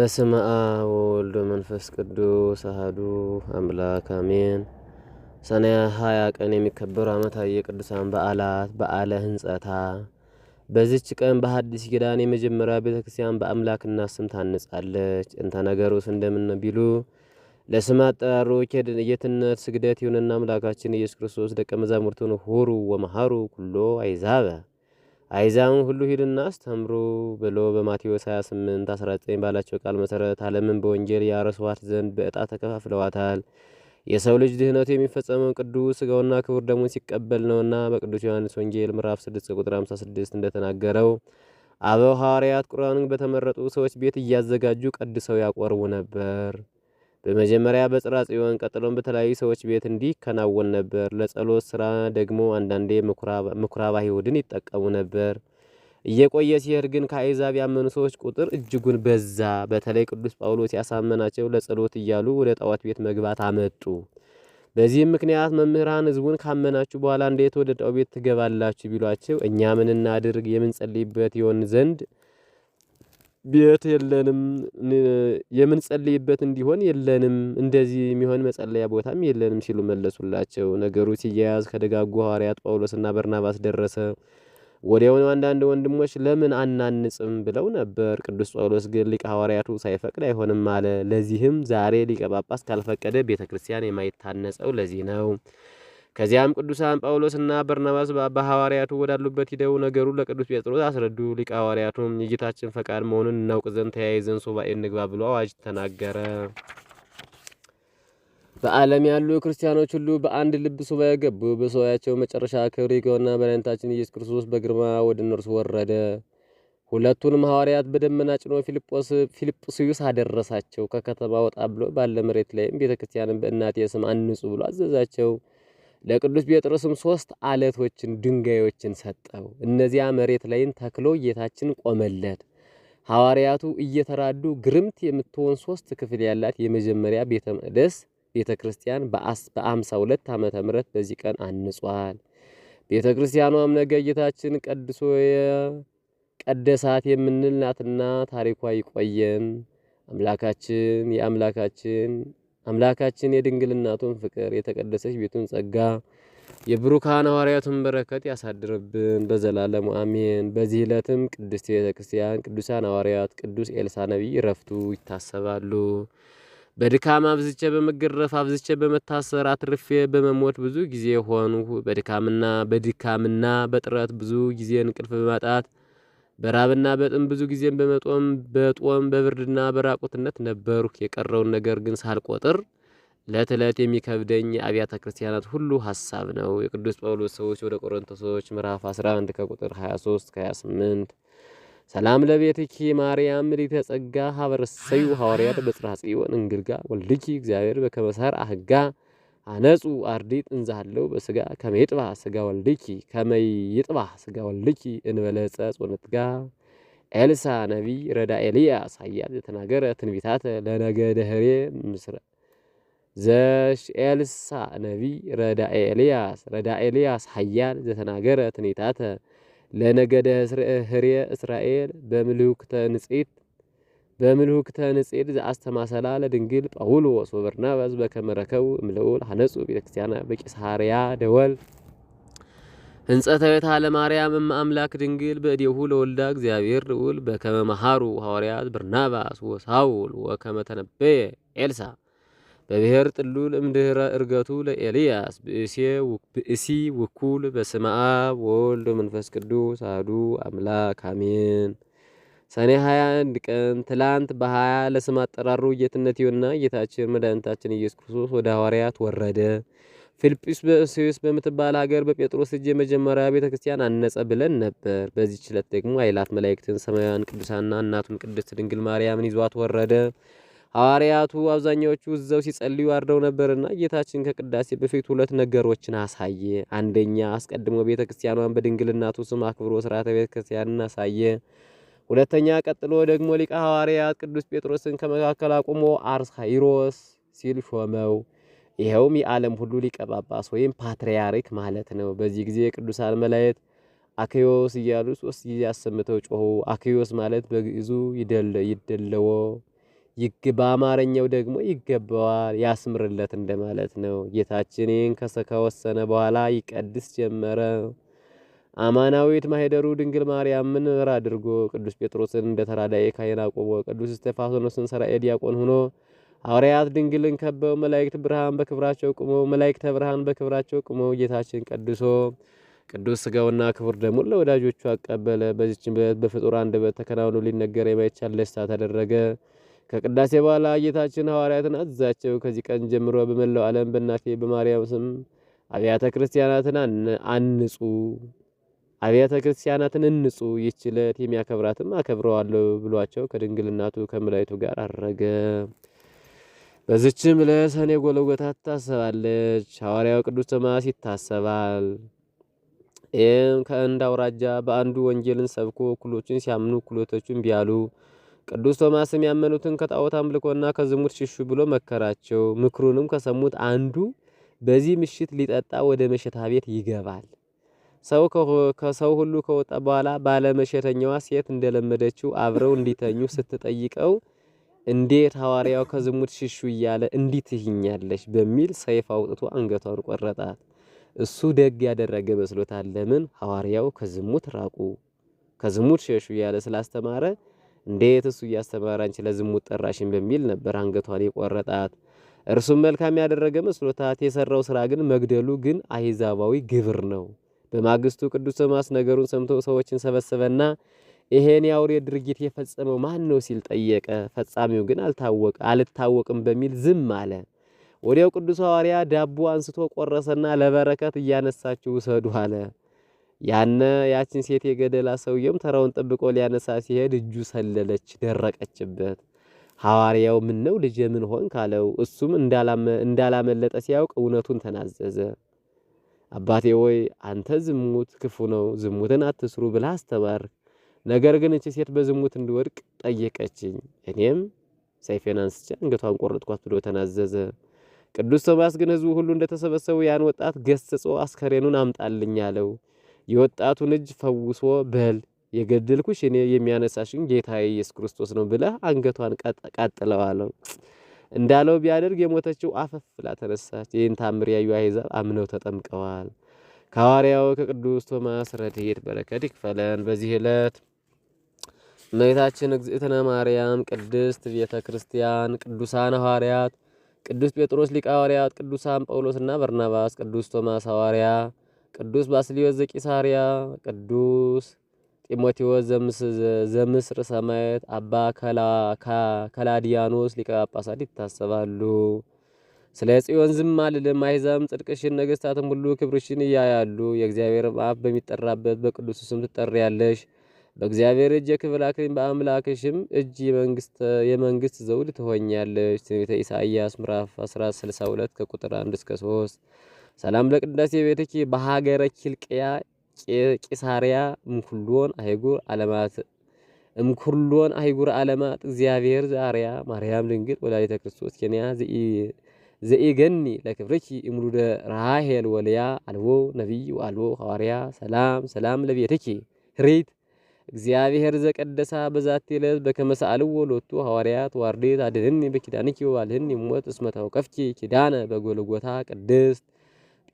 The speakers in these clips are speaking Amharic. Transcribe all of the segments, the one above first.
በስመ አብ ወወልድ መንፈስ ቅዱስ አህዱ አምላክ አሜን። ሰኔ ሀያ ቀን የሚከበሩ ዓመታዊ የቅዱሳን በዓላት በዓለ ሕንጸታ። በዚች ቀን በሐዲስ ኪዳን የመጀመሪያ ቤተ ክርስቲያን በአምላክና ስም ታንጻለች። እንተ ነገሩስ እንደምን ቢሉ ለስም አጠራሩ የትነት ስግደት ይሁንና አምላካችን ኢየሱስ ክርስቶስ ደቀ መዛሙርቱን ሁሩ ወመሃሩ ኩሎ አይዛበ አይዛውን ሁሉ ሂድና አስተምሩ ብሎ በማቴዎስ 28 19 ባላቸው ቃል መሠረት ዓለምን በወንጌል ያረሷት ዘንድ በዕጣ ተከፋፍለዋታል። የሰው ልጅ ድህነቱ የሚፈጸመው ቅዱስ ሥጋውና ክቡር ደሙን ሲቀበል ነውና በቅዱስ ዮሐንስ ወንጌል ምዕራፍ 6 ቁጥር 56 እንደተናገረው አበው ሐዋርያት ቁርአኑን በተመረጡ ሰዎች ቤት እያዘጋጁ ቀድሰው ያቆርቡ ነበር። በመጀመሪያ በጽራ ጽዮን ቀጥሎም በተለያዩ ሰዎች ቤት እንዲከናወን ነበር። ለጸሎት ስራ ደግሞ አንዳንዴ ምኩራብ አይሁድን ይጠቀሙ ነበር። እየቆየ ሲሄድ ግን ከአሕዛብ ያመኑ ሰዎች ቁጥር እጅጉን በዛ። በተለይ ቅዱስ ጳውሎስ ያሳመናቸው ለጸሎት እያሉ ወደ ጣዖት ቤት መግባት አመጡ። በዚህም ምክንያት መምህራን ህዝቡን ካመናችሁ በኋላ እንዴት ወደ ጣዖት ቤት ትገባላችሁ ቢሏቸው እኛ ምን እናድርግ የምንጸልይበት ይሆን ዘንድ ቤት የለንም የምንጸልይበት እንዲሆን የለንም እንደዚህ የሚሆን መጸለያ ቦታም የለንም ሲሉ መለሱላቸው። ነገሩ ሲያያዝ ከደጋጉ ሐዋርያት ጳውሎስና በርናባስ ደረሰ። ወዲያውኑ አንዳንድ ወንድሞች ለምን አናንጽም ብለው ነበር። ቅዱስ ጳውሎስ ግን ሊቀ ሐዋርያቱ ሳይፈቅድ አይሆንም አለ። ለዚህም ዛሬ ሊቀ ጳጳስ ካልፈቀደ ቤተ ክርስቲያን የማይታነጸው ለዚህ ነው። ከዚያም ቅዱሳን ጳውሎስና በርናባስ በሐዋርያቱ ወዳሉበት ሂደው ነገሩን ለቅዱስ ጴጥሮስ አስረዱ። ሊቀ ሐዋርያቱም የጌታችን ፈቃድ መሆኑን እናውቅ ዘንድ ተያይዘን ሱባኤ እንግባ ብሎ አዋጅ ተናገረ። በዓለም ያሉ ክርስቲያኖች ሁሉ በአንድ ልብ ሱባኤ ገቡ። በሱባኤያቸው መጨረሻ ክብር ይግባውና መድኃኒታችን ኢየሱስ ክርስቶስ በግርማ ወደ እነርሱ ወረደ። ሁለቱንም ሐዋርያት በደመና ጭኖ ፊልጵስዩስ አደረሳቸው። ከከተማ ወጣ ብሎ ባለ መሬት ላይም ቤተክርስቲያንን በእናቴ ስም አንጹ ብሎ አዘዛቸው። ለቅዱስ ጴጥሮስም ሶስት አለቶችን ድንጋዮችን ሰጠው። እነዚያ መሬት ላይን ተክሎ ጌታችን ቆመለት። ሐዋርያቱ እየተራዱ ግርምት የምትሆን ሶስት ክፍል ያላት የመጀመሪያ ቤተ መቅደስ ቤተ ክርስቲያን በአምሳ ሁለት ዓመተ ምህረት በዚህ ቀን አንጿል። ቤተ ክርስቲያኗም ነገ ጌታችን ቀድሶ ቀደሳት የምንል ናትና ታሪኳ ይቆየን። አምላካችን የአምላካችን አምላካችን የድንግልናቱን ፍቅር የተቀደሰች ቤቱን ጸጋ የብሩካን ሐዋርያቱን በረከት ያሳድርብን በዘላለሙ አሜን። በዚህ ዕለትም ቅድስት ቤተ ክርስቲያን ቅዱሳን ሐዋርያት ቅዱስ ኤልሳ ነቢይ ረፍቱ ይታሰባሉ። በድካም አብዝቼ በመገረፍ አብዝቼ በመታሰር አትርፌ በመሞት ብዙ ጊዜ ሆኑ። በድካምና በድካምና በጥረት ብዙ ጊዜ እንቅልፍ በማጣት በራብና በጥም ብዙ ጊዜም በመጦም በጦም በብርድና በራቁትነት ነበሩ! የቀረውን ነገር ግን ሳልቆጥር ዕለት ዕለት የሚከብደኝ የአብያተ ክርስቲያናት ሁሉ ሀሳብ ነው። የቅዱስ ጳውሎስ ሰዎች ወደ ቆሮንቶሶች ምዕራፍ 11 ከቁጥር 23 ከ28 ሰላም ለቤትኪ ማርያም ሊተጸጋ ሀበረሰዩ ሐዋርያት በጽርሐ ጽዮን እንግልጋ ወልድኪ እግዚአብሔር በከመ አህጋ! አነጹ አርዲት እንዛሃለው በስጋ ከመይጥባ ስጋ ወልድኪ ከመይጥባ ስጋ ወልድኪ እንበለጸጽ ወነትጋ ኤልሳ ነቢ ረዳ ኤልያስ ሀያል የተናገረ ትንቢታተ ለነገ ህሬ ምስረ ዘሽ ኤልሳ ነቢ ረዳ ኤልያስ ረዳ ኤልያስ ሀያል ዘተናገረ ትንቢታተ ለነገደ ህሬ እስራኤል በምልኩተ ንጽሕት በምልሁክተ ንጽድ ዘአስተማሰላ ለድንግል ጳውሎስ ወበርናባስ በከመረከቡ ረከቡ እምልዑል ሐነጹ ቤተክርስቲያና በቂሳርያ ደወል ህንጸተ ቤታ ለማርያም አምላክ ድንግል በእዴሁ ለወልዳ እግዚአብሔር ልዑል በከመመሃሩ ሐዋርያት በርናባስ ወሳውል ወከመተነበ ኤልሳ በብሔር ጥሉል እምድህረ እርገቱ ለኤልያስ ብእሲ ውኩል በስመ አብ ወወልድ ወመንፈስ ቅዱስ አሐዱ አምላክ አሜን። ሰኔ 21 ቀን ትላንት በሀያ ለስም አጠራሩ ጌትነት ይሁንና ጌታችን መድኃኒታችን ኢየሱስ ክርስቶስ ወደ ሐዋርያት ወረደ። ፊልጵስ በእስዩስ በምትባል ሀገር በጴጥሮስ እጅ የመጀመሪያ ቤተ ክርስቲያን አነጸ ብለን ነበር። በዚህ ችለት ደግሞ አይላፍ መላእክትን ሰማያውያን ቅዱሳንና እናቱን ቅድስት ድንግል ማርያምን ይዟት ወረደ። ሐዋርያቱ አብዛኛዎቹ እዛው ሲጸልዩ አርደው ነበርና ጌታችን ከቅዳሴ በፊት ሁለት ነገሮችን አሳየ። አንደኛ አስቀድሞ ቤተ ክርስቲያኗን በድንግልናቱ ስም አክብሮ ስርዓተ ቤተ ክርስቲያንን አሳየ። ሁለተኛ ቀጥሎ ደግሞ ሊቀ ሐዋርያት ቅዱስ ጴጥሮስን ከመካከል አቁሞ አርስኃይሮስ ሲል ሾመው። ይኸውም የዓለም ሁሉ ሊቀ ጳጳስ ወይም ፓትርያርክ ማለት ነው። በዚህ ጊዜ ቅዱሳን መላእክት አክዮስ እያሉ ሶስት ጊዜ አሰምተው ጮኹ። አክዮስ ማለት በግዕዙ ይደለዎ በአማርኛው ደግሞ ይገባዋል፣ ያስምርለት እንደማለት ነው። ጌታችን ይህን ከወሰነ በኋላ ይቀድስ ጀመረ። አማናዊት ማሄደሩ ድንግል ማርያምን መምህር አድርጎ ቅዱስ ጴጥሮስን እንደ ተራዳኤ ካህን አቆሞ ቅዱስ እስጢፋኖስን ሰራ ዲያቆን ሆኖ ሐዋርያት ድንግልን ከበው መላእክት ብርሃን በክብራቸው ቁመው መላእክተ ብርሃን በክብራቸው ቁመው ጌታችን ቀድሶ ቅዱስ ስጋውና ክቡር ደሙን ለወዳጆቹ አቀበለ። በዚችን በት በፍጡር በት ተከናውኖ ሊነገር የማይቻል ደስታ ተደረገ። ከቅዳሴ በኋላ ጌታችን ሐዋርያትን አዘዛቸው። ከዚህ ቀን ጀምሮ በመላው ዓለም በእናቴ በማርያም ስም አብያተ ክርስቲያናትን አንጹ አብያተ ክርስቲያናትን እንጹ ይህች ዕለት የሚያከብራትም አከብረዋለሁ ብሏቸው ከድንግልናቱ ከመላይቱ ጋር አረገ። በዚችም ዕለት ሰኔ ጎለጎታ ትታሰባለች። ሐዋርያው ቅዱስ ቶማስ ይታሰባል። ይህም ከእንድ አውራጃ በአንዱ ወንጌልን ሰብኮ እኩሎችን ሲያምኑ እኩሎቶችን ቢያሉ፣ ቅዱስ ቶማስም ያመኑትን ከጣዖት አምልኮና ከዝሙት ሽሹ ብሎ መከራቸው። ምክሩንም ከሰሙት አንዱ በዚህ ምሽት ሊጠጣ ወደ መሸታ ቤት ይገባል ሰው ከሰው ሁሉ ከወጣ በኋላ ባለመሸተኛዋ ሴት እንደለመደችው አብረው እንዲተኙ ስትጠይቀው እንዴት ሐዋርያው ከዝሙት ሽሹ እያለ እንዲህ ትይኛለሽ በሚል ሰይፍ አውጥቶ አንገቷን ቆረጣት። እሱ ደግ ያደረገ መስሎታል። ለምን ሐዋርያው ከዝሙት ራቁ፣ ከዝሙት ሸሹ እያለ ስላስተማረ እንዴት እሱ እያስተማረ አንቺ ለዝሙት ጠራሽን በሚል ነበር አንገቷን የቆረጣት። እርሱም መልካም ያደረገ መስሎታት። የሰራው ስራ ግን መግደሉ ግን አይዛባዊ ግብር ነው። በማግስቱ ቅዱስ ቶማስ ነገሩን ሰምቶ ሰዎችን ሰበሰበና ይሄን የአውሬ ድርጊት የፈጸመው ማን ነው ሲል ጠየቀ። ፈጻሚው ግን አልታወቀ አልታወቅም በሚል ዝም አለ። ወዲያው ቅዱስ ሐዋርያ ዳቦ አንስቶ ቆረሰና ለበረከት እያነሳችሁ ውሰዱ አለ። ያነ ያችን ሴት የገደላ ሰውየም ተራውን ጠብቆ ሊያነሳ ሲሄድ እጁ ሰለለች፣ ደረቀችበት። ሐዋርያው ምን ነው ልጄ ምን ሆንክ አለው። እሱም እንዳላመለጠ ሲያውቅ እውነቱን ተናዘዘ። አባቴ ወይ አንተ ዝሙት ክፉ ነው፣ ዝሙትን አትስሩ ብላ አስተማር ነገር ግን እቺ ሴት በዝሙት እንድወድቅ ጠየቀችኝ። እኔም ሰይፌን አንስቼ አንገቷን ቆረጥኳት ብሎ ተናዘዘ። ቅዱስ ቶማስ ግን ህዝቡ ሁሉ እንደተሰበሰቡ ያን ወጣት ገስጾ አስከሬኑን አምጣልኝ አለው። የወጣቱን እጅ ፈውሶ በል የገደልኩሽ እኔ የሚያነሳሽን ጌታ ኢየሱስ ክርስቶስ ነው ብለህ አንገቷን ቀጥለው አለው። እንዳለው ቢያደርግ የሞተችው አፈፍላ ተነሳች። ይህን ታምር ያዩ አሕዛብ አምነው ተጠምቀዋል። ከሐዋርያው ከቅዱስ ቶማስ ረድኤት በረከት ይክፈለን። በዚህ ዕለት እመቤታችን እግዝእትነ ማርያም፣ ቅድስት ቤተ ክርስቲያን፣ ቅዱሳን ሐዋርያት ቅዱስ ጴጥሮስ ሊቀ ሐዋርያት፣ ቅዱሳን ጳውሎስና በርናባስ፣ ቅዱስ ቶማስ ሐዋርያ፣ ቅዱስ ባስልዮስ ዘቂሳርያ፣ ቅዱስ ጢሞቴዎስ ዘምስር ሰማየት፣ አባ ከላዲያኖስ ሊቀ ጳጳሳት ይታሰባሉ። ስለ ጽዮን ዝም አልልም። አሕዛብም ጽድቅሽን፣ ነገሥታትም ሁሉ ክብርሽን እያያሉ። የእግዚአብሔር አፍ በሚጠራበት በቅዱስ ስም ትጠሪያለሽ። በእግዚአብሔር እጅ የክብር አክሊል፣ በአምላክሽም እጅ የመንግሥት ዘውድ ትሆኛለሽ። ትንቢተ ኢሳይያስ ምዕራፍ 162 ከቁጥር 1 እስከ 3። ሰላም ለቅዳሴ ቤትኪ በሀገረ ኪልቅያ ቂሳርያ እምኩሎን አህጉር ዓለማት እምኩሎን አህጉር ዓለማት እግዚአብሔር ዛሪያ ማርያም ድንግል ወላዲተ ክርስቶስ ኬንያ ዘኢገኒ ለክብርኪ እምሉደ ራሄል ወልያ አልቦ ነቢይ ወአልቦ ሐዋርያ ሰላም ሰላም ለቤትኪ ሪት እግዚአብሔር ዘቀደሳ በዛቲ ዕለት በከመ ሰአልዎ ሎቱ ሐዋርያት ዋርዴት አድኅኒ በኪዳንኪ ወባልህኒ እሞት እስመ ተውቀፍኪ ኪዳነ በጎልጎታ ቅድስት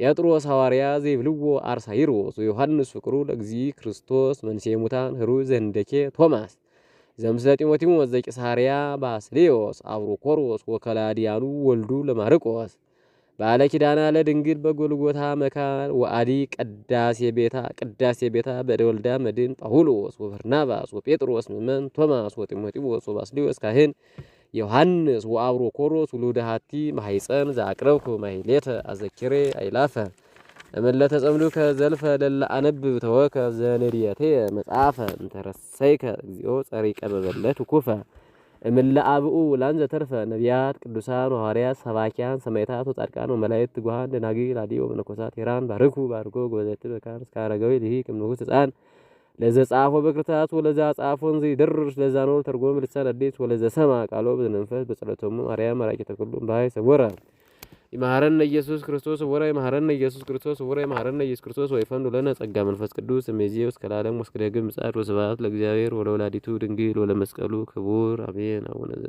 ጴጥሮስ ሐዋርያ ዘይብልዎ አርሳይሮ ዮሐንስ ፍቅሩ ለእግዚ ክርስቶስ መንሴ ሙታን ህሩ ዘንደኬ ቶማስ ዘምስለ ጢሞቴዎስ ዘቂሳርያ ባስሌዎስ ኮሮስ ወከላዲያኑ ወልዱ ለማርቆስ ባለ ኪዳና ለድንግል በጎልጎታ መካን ወአዲ ቅዳሴ ቤታ ቅዳሴ ቤታ በደወልዳ መድን ጳውሎስ ወበርናባስ ወጴጥሮስ ምእመን ቶማስ ወጢሞቴዎስ ወባስሌዎስ ካህን ዮሐንስ ወአብሮ ኮሮስ ውሉደ ሃቲ ማሕፀን ዘአቅረብኩ ማሕሌተ አዘኪሬ አይላፈ እምለተ ጸምዱከ ዘልፈ ለለ አነብብ ተወከ ዘንድየትየ መጽሐፈ እንተረሰይከ እግዚኦ ጸሪቀ በበለት ኩፈ እምለ አብኡ ላንዘ ተርፈ ነቢያት ቅዱሳን ሐዋርያት ሰባኪያን ሰማዕታት ወጻድቃን ወመላእክት ጉሃን ደናግል አዲዮ መነኮሳት ሄራን ባርኩ ባርጎ ጎበዘት በካን እስከ አረጋዊ ልሂ ቅምንጉስ ሕፃን ለዘ ጻፎ በክርታት ወለዛ ጻፎን ድርሽ ለዛ ነው ተርጎም ልሳን አዲስ ወለዘ ሰማ ቃሎ በመንፈስ በጸሎተሙ አርያም ማራቂ ተክሉ ባይ ሰወራ ይማረን ኢየሱስ ክርስቶስ ወራ ይማረን ኢየሱስ ክርስቶስ ወራ ይማረን ኢየሱስ ክርስቶስ ወይ ፈንዱ ለነ ጸጋ መንፈስ ቅዱስ እመዚህ እስከ ከላለም ወስከ ዳግም ምጽአት ወስብሐት ለእግዚአብሔር ወለወላዲቱ ድንግል ወለመስቀሉ ክቡር አሜን። አቡነ